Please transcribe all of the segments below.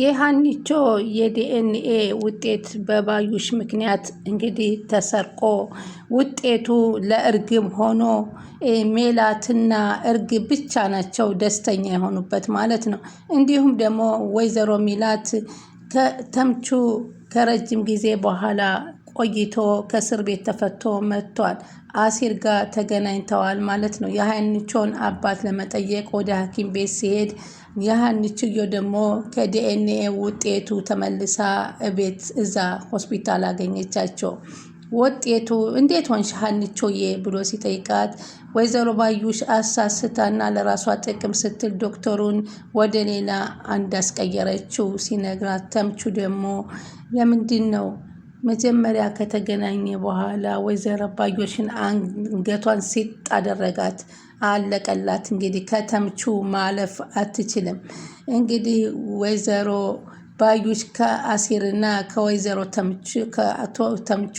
የሀኒቾ የዲኤንኤ ውጤት በባዩሽ ምክንያት እንግዲህ ተሰርቆ ውጤቱ ለእርግብ ሆኖ ሜላትና እርግብ ብቻ ናቸው ደስተኛ የሆኑበት ማለት ነው። እንዲሁም ደግሞ ወይዘሮ ሚላት ተምቹ ከረጅም ጊዜ በኋላ ቆይቶ ከእስር ቤት ተፈቶ መጥቷል። አሲር ጋር ተገናኝተዋል ማለት ነው። የሀኒቾን አባት ለመጠየቅ ወደ ሐኪም ቤት ሲሄድ የሀኒችዮ ደግሞ ከዲኤንኤ ውጤቱ ተመልሳ ቤት እዛ ሆስፒታል አገኘቻቸው። ውጤቱ እንዴት ሆንሽ ሀንቾዬ ብሎ ሲጠይቃት ወይዘሮ ባዩሽ አሳስታና ለራሷ ጥቅም ስትል ዶክተሩን ወደ ሌላ አስቀየረችው ሲነግራት ተምቹ ደግሞ ለምንድን ነው መጀመሪያ ከተገናኘ በኋላ ወይዘሮ ባዮሽን አንገቷን ሲጥ አደረጋት። አለቀላት። እንግዲህ ከተምቹ ማለፍ አትችልም። እንግዲህ ወይዘሮ ባዮሽ ከአሲርና ከወይዘሮ ከአቶ ተምቹ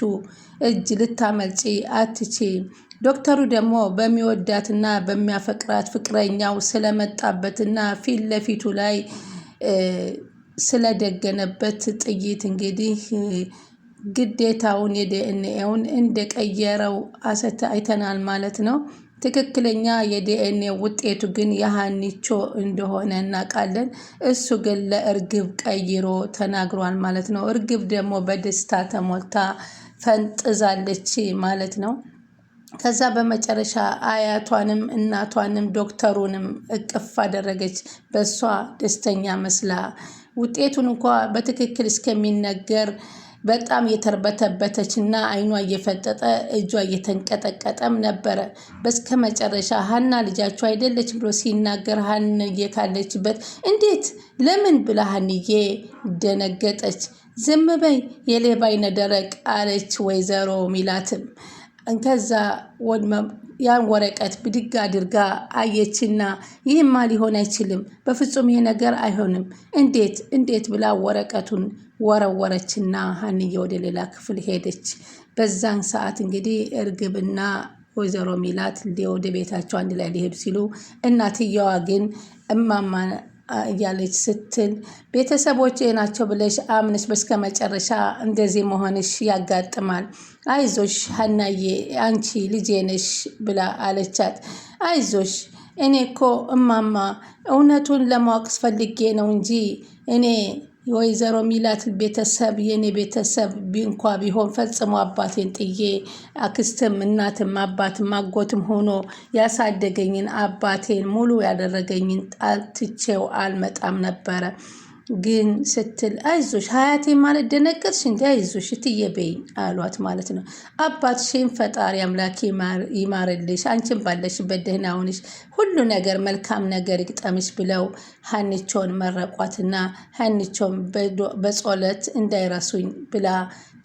እጅ ልታመልጪ አትችም። ዶክተሩ ደግሞ በሚወዳትና በሚያፈቅራት ፍቅረኛው ስለመጣበትና ፊት ለፊቱ ላይ ስለደገነበት ጥይት እንግዲህ ግዴታውን የዲኤንኤውን እንደቀየረው አሰተ አይተናል ማለት ነው። ትክክለኛ የዲኤንኤ ውጤቱ ግን የሀኒቾ እንደሆነ እናውቃለን። እሱ ግን ለእርግብ ቀይሮ ተናግሯል ማለት ነው። እርግብ ደግሞ በደስታ ተሞልታ ፈንጥዛለች ማለት ነው። ከዛ በመጨረሻ አያቷንም እናቷንም ዶክተሩንም እቅፍ አደረገች በእሷ ደስተኛ መስላ ውጤቱን እንኳ በትክክል እስከሚነገር በጣም የተርበተበተች እና አይኗ እየፈጠጠ እጇ እየተንቀጠቀጠም ነበረ። በስከ መጨረሻ ሀና ልጃቸው አይደለች ብሎ ሲናገር ሀንዬ ካለችበት እንዴት ለምን ብላ ሀንዬ ደነገጠች። ዝም በይ የሌባ አይነ ደረቅ አለች ወይዘሮ ሚላትም እንከዛ ወድማ ያን ወረቀት ብድግ አድርጋ አየችና ይህማ ሊሆን አይችልም፣ በፍጹም ይሄ ነገር አይሆንም፣ እንዴት እንዴት ብላ ወረቀቱን ወረወረችና ሀንዬ ወደ ሌላ ክፍል ሄደች። በዛን ሰዓት እንግዲህ እርግብና ወይዘሮ ሚላት ወደ ቤታቸው አንድ ላይ ሊሄዱ ሲሉ እናትየዋ ግን እማማ እያለች ስትል ቤተሰቦቼ ናቸው ብለሽ አምነሽ በስከ መጨረሻ እንደዚህ መሆንሽ ያጋጥማል። አይዞሽ ሀናዬ አንቺ ልጄ ነሽ ብላ አለቻት። አይዞሽ እኔ እኮ እማማ እውነቱን ለማወቅ ስፈልጌ ነው እንጂ እኔ የወይዘሮ ሚላት ቤተሰብ የኔ ቤተሰብ እንኳ ቢሆን ፈጽሞ አባቴን ጥዬ አክስትም እናትም አባትም አጎትም ሆኖ ያሳደገኝን አባቴን ሙሉ ያደረገኝን ጣልትቼው አልመጣም ነበረ። ግን ስትል አይዞሽ ሀያቴ ማለት ደነገጥሽ እንዲ አይዞሽ እትየበይ አሏት ማለት ነው። አባትሽን ፈጣሪ አምላክ ይማርልሽ፣ አንቺን ባለሽበት ደህና ሁንሽ፣ ሁሉ ነገር መልካም ነገር ይግጠምሽ ብለው ሀኒቾን መረቋትና ሀኒቾን በጸሎት እንዳይረሱኝ ብላ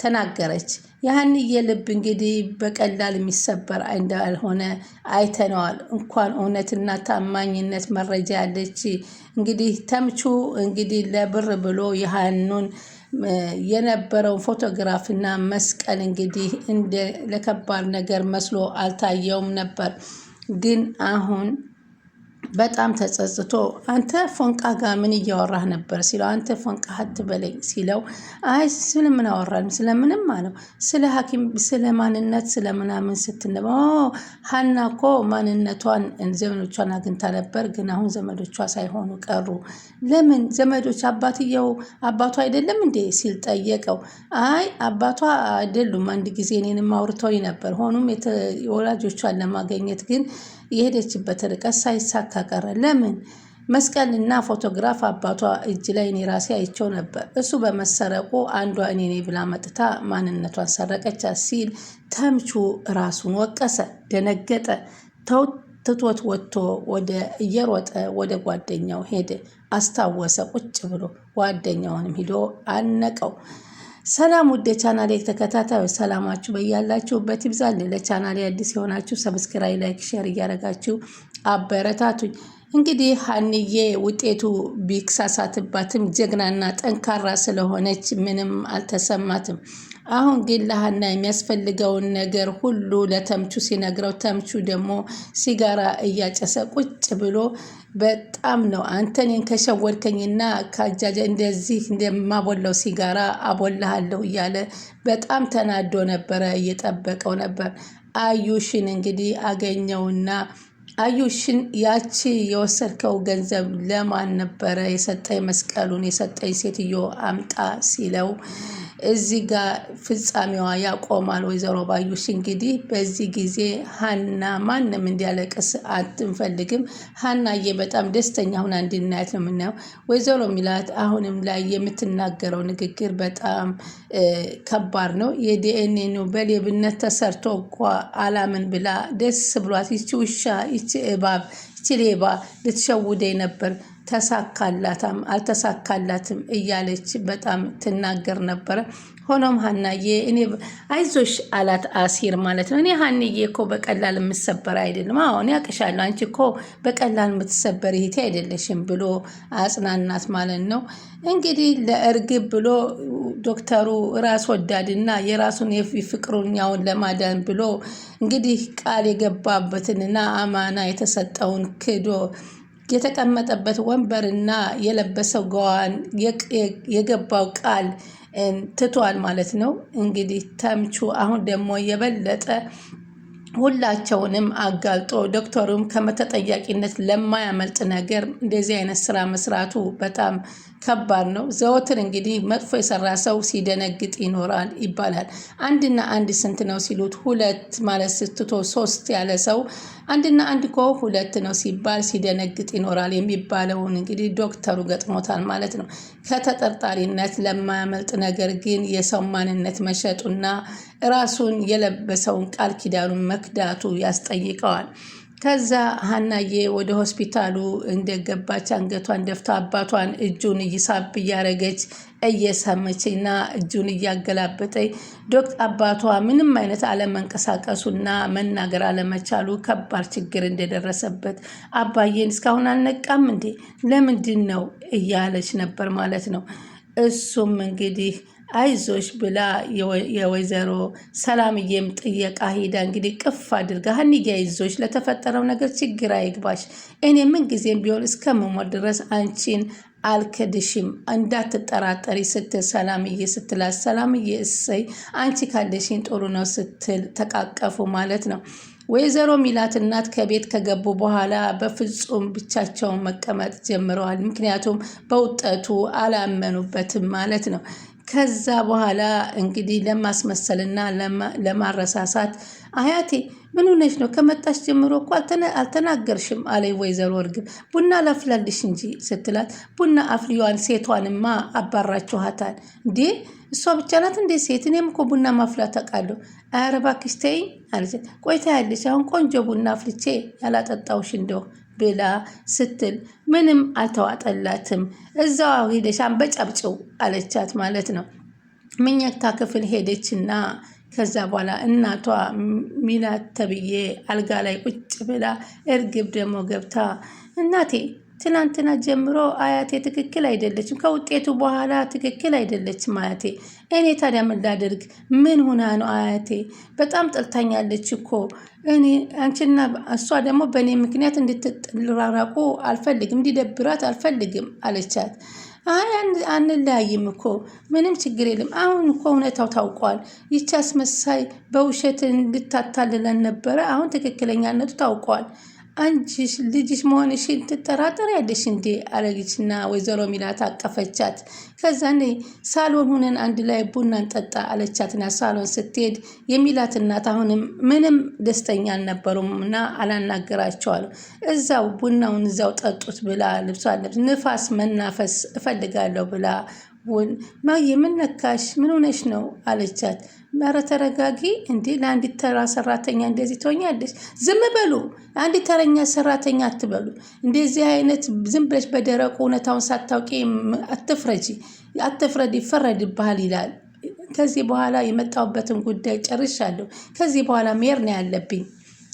ተናገረች። የሀኒዬ ልብ እንግዲህ በቀላል የሚሰበር እንዳልሆነ አይተነዋል። እንኳን እውነትና ታማኝነት መረጃ ያለች እንግዲህ ተምቹ እንግዲህ ለብር ብሎ የሃኑን የነበረውን ፎቶግራፍና መስቀል እንግዲህ እንደ ለከባድ ነገር መስሎ አልታየውም ነበር። ግን አሁን በጣም ተጸጽቶ አንተ ፎንቃ ጋር ምን እያወራህ ነበር ሲለው፣ አንተ ፎንቃ አትበለኝ ሲለው፣ አይ ስለምን አወራን ስለምንም አለው። ስለ ሐኪም ስለ ማንነት ስለ ምናምን ስትን ሀና ኮ ማንነቷን ዘመዶቿን አግኝታ ነበር፣ ግን አሁን ዘመዶቿ ሳይሆኑ ቀሩ። ለምን ዘመዶች አባትየው አባቷ አይደለም እንዴ ሲል ጠየቀው። አይ አባቷ አይደሉም። አንድ ጊዜ እኔንም አውርተውኝ ነበር። ሆኖም ወላጆቿን ለማገኘት ግን የሄደችበት ርቀት ሳይሳካ ቀረ። ለምን? መስቀልና ፎቶግራፍ አባቷ እጅ ላይ እኔ ራሴ አይቸው ነበር። እሱ በመሰረቁ አንዷ እኔ ነኝ ብላ መጥታ ማንነቷን ሰረቀቻት ሲል ተምቹ ራሱን ወቀሰ፣ ደነገጠ። ተው ትቶት ወጥቶ ወደ እየሮጠ ወደ ጓደኛው ሄደ። አስታወሰ ቁጭ ብሎ ጓደኛውንም ሂዶ አነቀው። ሰላም ውድ የቻናሌ ተከታታዮች ሰላማችሁ በያላችሁበት ይብዛል። ለቻናሌ አዲስ የሆናችሁ ሰብስክራይ፣ ላይክ፣ ሼር እያደረጋችሁ አበረታቱኝ። እንግዲህ ሀንዬ ውጤቱ ቢክሳሳትባትም ጀግናና ጠንካራ ስለሆነች ምንም አልተሰማትም። አሁን ግን ለሀና የሚያስፈልገውን ነገር ሁሉ ለተምቹ ሲነግረው ተምቹ ደግሞ ሲጋራ እያጨሰ ቁጭ ብሎ በጣም ነው አንተ እኔን ከሸወድከኝና ከአጃጃ እንደዚህ እንደማቦላው ሲጋራ አቦልሃለሁ እያለ በጣም ተናዶ ነበረ። እየጠበቀው ነበር። አዩሽን እንግዲህ አገኘውና አዩሽን ያቺ የወሰድከው ገንዘብ ለማን ነበረ የሰጠኝ? መስቀሉን የሰጠኝ ሴትዮ አምጣ ሲለው እዚህ ጋር ፍጻሜዋ ያቆማል። ወይዘሮ ባዩሽ እንግዲህ በዚህ ጊዜ ሀና ማንም እንዲያለቅስ አትንፈልግም። ሀናዬ በጣም ደስተኛ ሁና እንድናያት ነው የምናየው። ወይዘሮ ሚላት አሁንም ላይ የምትናገረው ንግግር በጣም ከባድ ነው። የዲኤንኤ በሌብነት ተሰርቶ እኳ አላምን ብላ ደስ ብሏት ይቺ ውሻ ይቺ እባብ ይቺ ሌባ ልትሸውደኝ ነበር ተሳካላታም አልተሳካላትም እያለች በጣም ትናገር ነበረ። ሆኖም ሀናዬ እኔ አይዞሽ አላት አሲር ማለት ነው። እኔ ሀንዬ እኮ በቀላል የምሰበር አይደለም። እኔ ያቅሻለሁ አንቺ እኮ በቀላል የምትሰበር ይሄቴ አይደለሽም ብሎ አጽናናት ማለት ነው። እንግዲህ ለእርግብ ብሎ ዶክተሩ ራስ ወዳድና የራሱን የፍቅሩኛውን ለማዳን ብሎ እንግዲህ ቃል የገባበትንና አማና የተሰጠውን ክዶ የተቀመጠበት ወንበርና የለበሰው ገዋን የገባው ቃል ትቷል ማለት ነው። እንግዲህ ተምቹ አሁን ደግሞ የበለጠ ሁላቸውንም አጋልጦ ዶክተሩም ከመተጠያቂነት ለማያመልጥ ነገር እንደዚህ አይነት ስራ መስራቱ በጣም ከባድ ነው። ዘወትር እንግዲህ መጥፎ የሰራ ሰው ሲደነግጥ ይኖራል ይባላል። አንድና አንድ ስንት ነው ሲሉት ሁለት ማለት ስትቶ ሶስት ያለ ሰው አንድና አንድ እኮ ሁለት ነው ሲባል ሲደነግጥ ይኖራል የሚባለውን እንግዲህ ዶክተሩ ገጥሞታል ማለት ነው። ከተጠርጣሪነት ለማያመልጥ ነገር ግን የሰው ማንነት መሸጡና ራሱን የለበሰውን ቃል ኪዳኑን መክዳቱ ያስጠይቀዋል። ከዛ ሀናዬ ወደ ሆስፒታሉ እንደገባች አንገቷን ደፍታ አባቷን እጁን እይሳብ እያረገች እየሰመችና እጁን እያገላበጠች ዶክት አባቷ ምንም አይነት አለመንቀሳቀሱና መናገር አለመቻሉ ከባድ ችግር እንደደረሰበት አባዬን እስካሁን አልነቃም እንዴ ለምንድን ነው እያለች ነበር ማለት ነው። እሱም እንግዲህ አይዞሽ ብላ የወይዘሮ ሰላምዬም ጥየቃ ሂዳ እንግዲህ ቅፍ አድርጋ ሀኒጌ አይዞሽ፣ ለተፈጠረው ነገር ችግር አይግባሽ። እኔ ምንጊዜም ቢሆን እስከምሞት ድረስ አንቺን አልክድሽም እንዳትጠራጠሪ ስትል ሰላምዬ ስትላት፣ ሰላምዬ እሰይ አንቺ ካለሽኝ ጥሩ ነው ስትል ተቃቀፉ ማለት ነው። ወይዘሮ ሚላት እናት ከቤት ከገቡ በኋላ በፍጹም ብቻቸውን መቀመጥ ጀምረዋል። ምክንያቱም በውጠቱ አላመኑበትም ማለት ነው። ከዛ በኋላ እንግዲህ ለማስመሰልና ለማረሳሳት አያቴ ምን ሆነሽ ነው? ከመጣሽ ጀምሮ እኮ አልተናገርሽም አለ ወይዘሮ እርግብ። ቡና ላፍላልሽ እንጂ ስትላት ቡና አፍሪዋን ሴቷንማ አባራችኋታል እንዴ? እሷ ብቻ ናት እንዴ ሴት? እኔም እኮ ቡና ማፍላት አውቃለሁ። ኧረ እባክሽ ተይኝ አለች። ቆይታ ያለች አሁን ቆንጆ ቡና አፍልቼ ያላጠጣውሽ እንደው ብላ ስትል ምንም አልተዋጠላትም። እዛው ሂደሽ አንበጫብጭው አለቻት ማለት ነው። ምኘታ ክፍል ሄደችና ከዛ በኋላ እናቷ ሚላት ተብዬ አልጋ ላይ ቁጭ ብላ እርግብ ደግሞ ገብታ እናቴ ትናንትና ጀምሮ አያቴ ትክክል አይደለችም። ከውጤቱ በኋላ ትክክል አይደለችም አያቴ። እኔ ታዲያ ምን ላደርግ? ምን ሁና ነው አያቴ? በጣም ጠልታኛለች እኮ እኔ አንቺና እሷ ደግሞ በእኔ ምክንያት እንድትራራቁ አልፈልግም፣ እንዲደብራት አልፈልግም አለቻት። አይ አንለያይም እኮ ምንም ችግር የለም። አሁን እኮ እውነታው ታውቋል። ይቺ አስመሳይ በውሸት እንድታታልለን ነበረ። አሁን ትክክለኛነቱ ታውቋል። አንቺ ልጅሽ መሆንሽን ያለሽ እንዴ? አለችና ወይዘሮ ሚላት አቀፈቻት። ከዛ ሳሎን ሁነን አንድ ላይ ቡና እንጠጣ አለቻትና ሳሎን ስትሄድ የሚላት እናት አሁንም ምንም ደስተኛ አልነበሩም እና አላናገራቸዋሉ። እዛው ቡናውን እዛው ጠጡት ብላ ልብሷ ንፋስ መናፈስ እፈልጋለሁ ብላ እውን ማየ ምን ምን ሆነሽ ነው አለቻት። ኧረ ተረጋጊ እንዴ! ለአንዲት ተራ ሰራተኛ እንደዚህ ትሆኛለሽ? ዝም በሉ አንዲት ተረኛ ሰራተኛ አትበሉ። እንደዚህ አይነት ዝም ብለሽ በደረቁ እውነታውን ሳታውቂ አትፍረጂ፣ አትፍረድ፣ ይፈረድብሃል ይላል። ከዚህ በኋላ የመጣሁበትን ጉዳይ ጨርሻለሁ። ከዚህ በኋላ መሄድ ነው ያለብኝ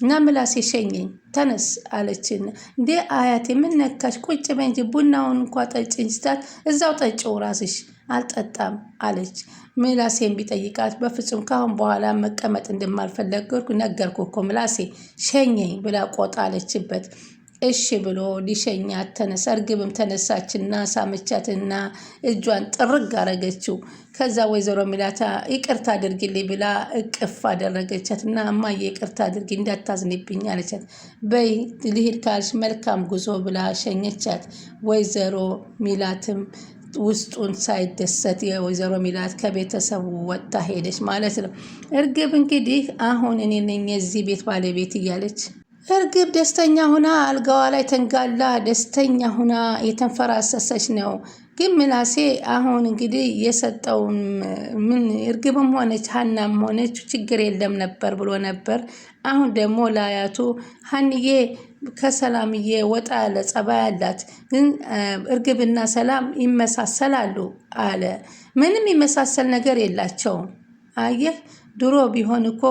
እና ምላሴ ሸኘኝ ተነስ አለችን። እንዴ አያቴ ምን ነካሽ? ቁጭ በይ እንጂ ቡናውን እንኳ ጠጭኝ ስታት እዛው ጠጭው ራስሽ አልጠጣም አለች። ምላሴን ቢጠይቃት በፍጹም ካሁን በኋላ መቀመጥ እንደማልፈለግ ነገርኩ እኮ ምላሴ ሸኘኝ ብላ ቆጣ አለችበት። እሺ ብሎ ሊሸኛት ተነሳ። እርግብም ተነሳችና ሳመቻትና እጇን ጥርግ አረገችው። ከዛ ወይዘሮ ሚላታ ይቅርታ አድርጊልኝ ብላ እቅፍ አደረገቻት እና እማዬ ይቅርታ አድርጊ እንዳታዝንብኝ አለቻት። በይ ልሂድ ካልሽ መልካም ጉዞ ብላ ሸኘቻት። ወይዘሮ ሚላትም ውስጡን ሳይደሰት የወይዘሮ ሚላት ከቤተሰቡ ወጥታ ሄደች ማለት ነው። እርግብ እንግዲህ አሁን እኔ ነኝ የዚህ ቤት ባለቤት እያለች እርግብ ደስተኛ ሁና አልጋዋ ላይ ተንጋላ ደስተኛ ሁና የተንፈራሰሰች ነው። ግን ምናሴ አሁን እንግዲህ የሰጠው ምን እርግብም ሆነች ሀናም ሆነች ችግር የለም ነበር ብሎ ነበር። አሁን ደግሞ ለአያቱ ሀንዬ ከሰላምዬ ወጣ ያለ ጸባይ አላት፣ ግን እርግብና ሰላም ይመሳሰላሉ አለ። ምንም ይመሳሰል ነገር የላቸውም። አየህ ድሮ ቢሆን እኮ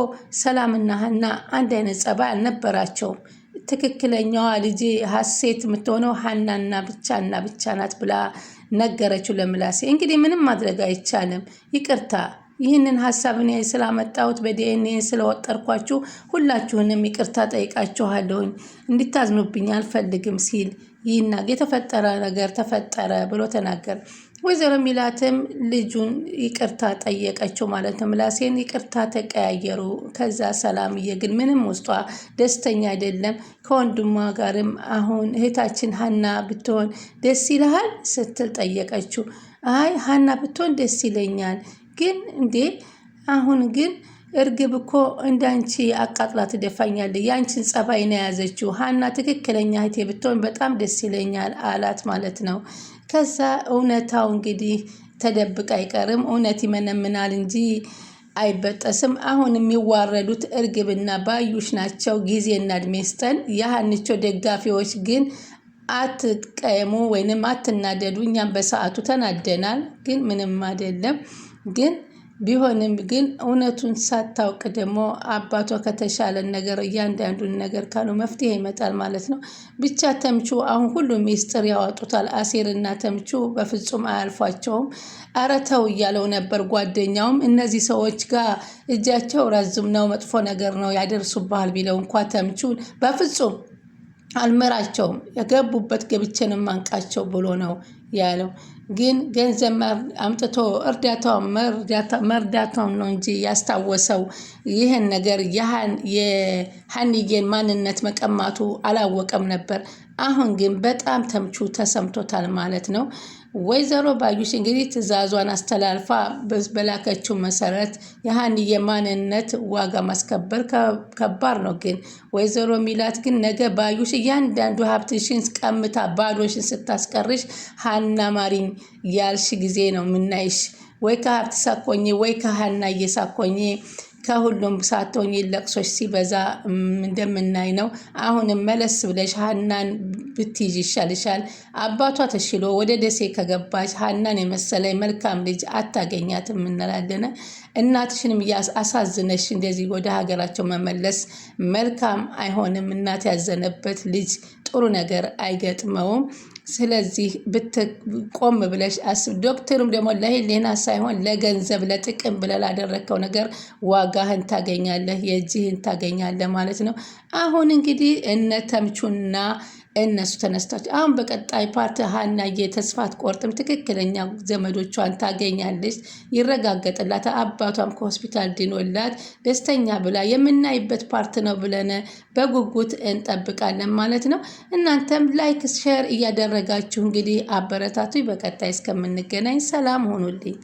ሰላምና ሀና አንድ አይነት ጸባይ አልነበራቸውም። ትክክለኛዋ ልጅ ሀሴት የምትሆነው ሀናና ብቻ እና ብቻ ናት ብላ ነገረችው ለምላሴ። እንግዲህ ምንም ማድረግ አይቻልም። ይቅርታ ይህንን ሀሳብ እኔ ስላመጣሁት በዲኤንኤ ስለወጠርኳችሁ ሁላችሁንም ይቅርታ ጠይቃችኋለሁኝ። እንዲታዝኑብኝ አልፈልግም ሲል ይናግ የተፈጠረ ነገር ተፈጠረ ብሎ ተናገር ወይዘሮ ሚላትም ልጁን ይቅርታ ጠየቀችው ማለት ነው። ምላሴን ይቅርታ ተቀያየሩ። ከዛ ሰላምዬ ግን ምንም ውስጧ ደስተኛ አይደለም። ከወንድሟ ጋርም አሁን እህታችን ሀና ብትሆን ደስ ይልሃል ስትል ጠየቀችው። አይ ሀና ብትሆን ደስ ይለኛል፣ ግን እንዴ አሁን ግን እርግብ እኮ እንዳንቺ አቃጥላ ትደፋኛለች። የአንቺን ጸባይ ነው የያዘችው። ሀና ትክክለኛ እህቴ ብትሆን በጣም ደስ ይለኛል አላት ማለት ነው። ከዛ እውነታው እንግዲህ ተደብቅ አይቀርም፣ እውነት ይመነምናል እንጂ አይበጠስም። አሁን የሚዋረዱት እርግብና ባዩሽ ናቸው። ጊዜና እድሜ ስጠን። የሀንቾ ደጋፊዎች ግን አትቀየሙ ወይንም አትናደዱ። እኛም በሰዓቱ ተናደናል፣ ግን ምንም አይደለም ግን ቢሆንም ግን እውነቱን ሳታውቅ ደግሞ አባቷ ከተሻለን ነገር እያንዳንዱን ነገር ካሉ መፍትሄ ይመጣል ማለት ነው። ብቻ ተምቹ አሁን ሁሉ ሚስጥር ያዋጡታል። አሴርና ተምቹ በፍጹም አያልፏቸውም። ኧረ ተው እያለው ነበር። ጓደኛውም እነዚህ ሰዎች ጋር እጃቸው ረዝም ነው፣ መጥፎ ነገር ነው ያደርሱብሃል ቢለው እንኳ ተምቹን በፍጹም አልምራቸውም የገቡበት ገብቼን ማንቃቸው ብሎ ነው ያለው። ግን ገንዘብ አምጥቶ እርዳታውን መርዳታውን ነው እንጂ ያስታወሰው ይህን ነገር የሀንዬን ማንነት መቀማቱ አላወቀም ነበር። አሁን ግን በጣም ተምቹ ተሰምቶታል ማለት ነው። ወይዘሮ ባዩሽ እንግዲህ ትዕዛዟን አስተላልፋ በላከችው መሰረት የሀንዬ የማንነት ዋጋ ማስከበር ከባድ ነው። ግን ወይዘሮ ሚላት ግን ነገ ባዩሽ እያንዳንዱ ሀብትሽን ቀምታ ባዶሽን ስታስቀርሽ ሀና ማሪኝ ያልሽ ጊዜ ነው ምናይሽ ወይ ከሀብት ሳኮኜ ወይ ከሀና እየሳኮኜ ከሁሉም ሳትሆኝ ለቅሶች ሲበዛ እንደምናይ ነው። አሁንም መለስ ብለሽ ሀናን ብትይዥ ይሻልሻል። አባቷ ተሽሎ ወደ ደሴ ከገባች ሀናን የመሰለ መልካም ልጅ አታገኛትም እንላለን። እናትሽንም አሳዝነሽ እንደዚህ ወደ ሀገራቸው መመለስ መልካም አይሆንም። እናት ያዘነበት ልጅ ጥሩ ነገር አይገጥመውም። ስለዚህ ብትቆም ብለሽ አስብ። ዶክተሩም ደግሞ ለህሊና ሳይሆን ለገንዘብ ለጥቅም ብለህ ላደረግከው ነገር ዋጋህን ታገኛለህ፣ የእጅህን ታገኛለህ ማለት ነው። አሁን እንግዲህ እነ ተምቹና እነሱ ተነስታች አሁን በቀጣይ ፓርት ሀናዬ ተስፋ አትቆርጥም። ትክክለኛ ዘመዶቿን ታገኛለች፣ ይረጋገጥላት። አባቷም ከሆስፒታል ድኖላት ደስተኛ ብላ የምናይበት ፓርት ነው ብለን በጉጉት እንጠብቃለን ማለት ነው። እናንተም ላይክ ሸር እያደረጋችሁ እንግዲህ አበረታቱ። በቀጣይ እስከምንገናኝ ሰላም ሆኑልኝ።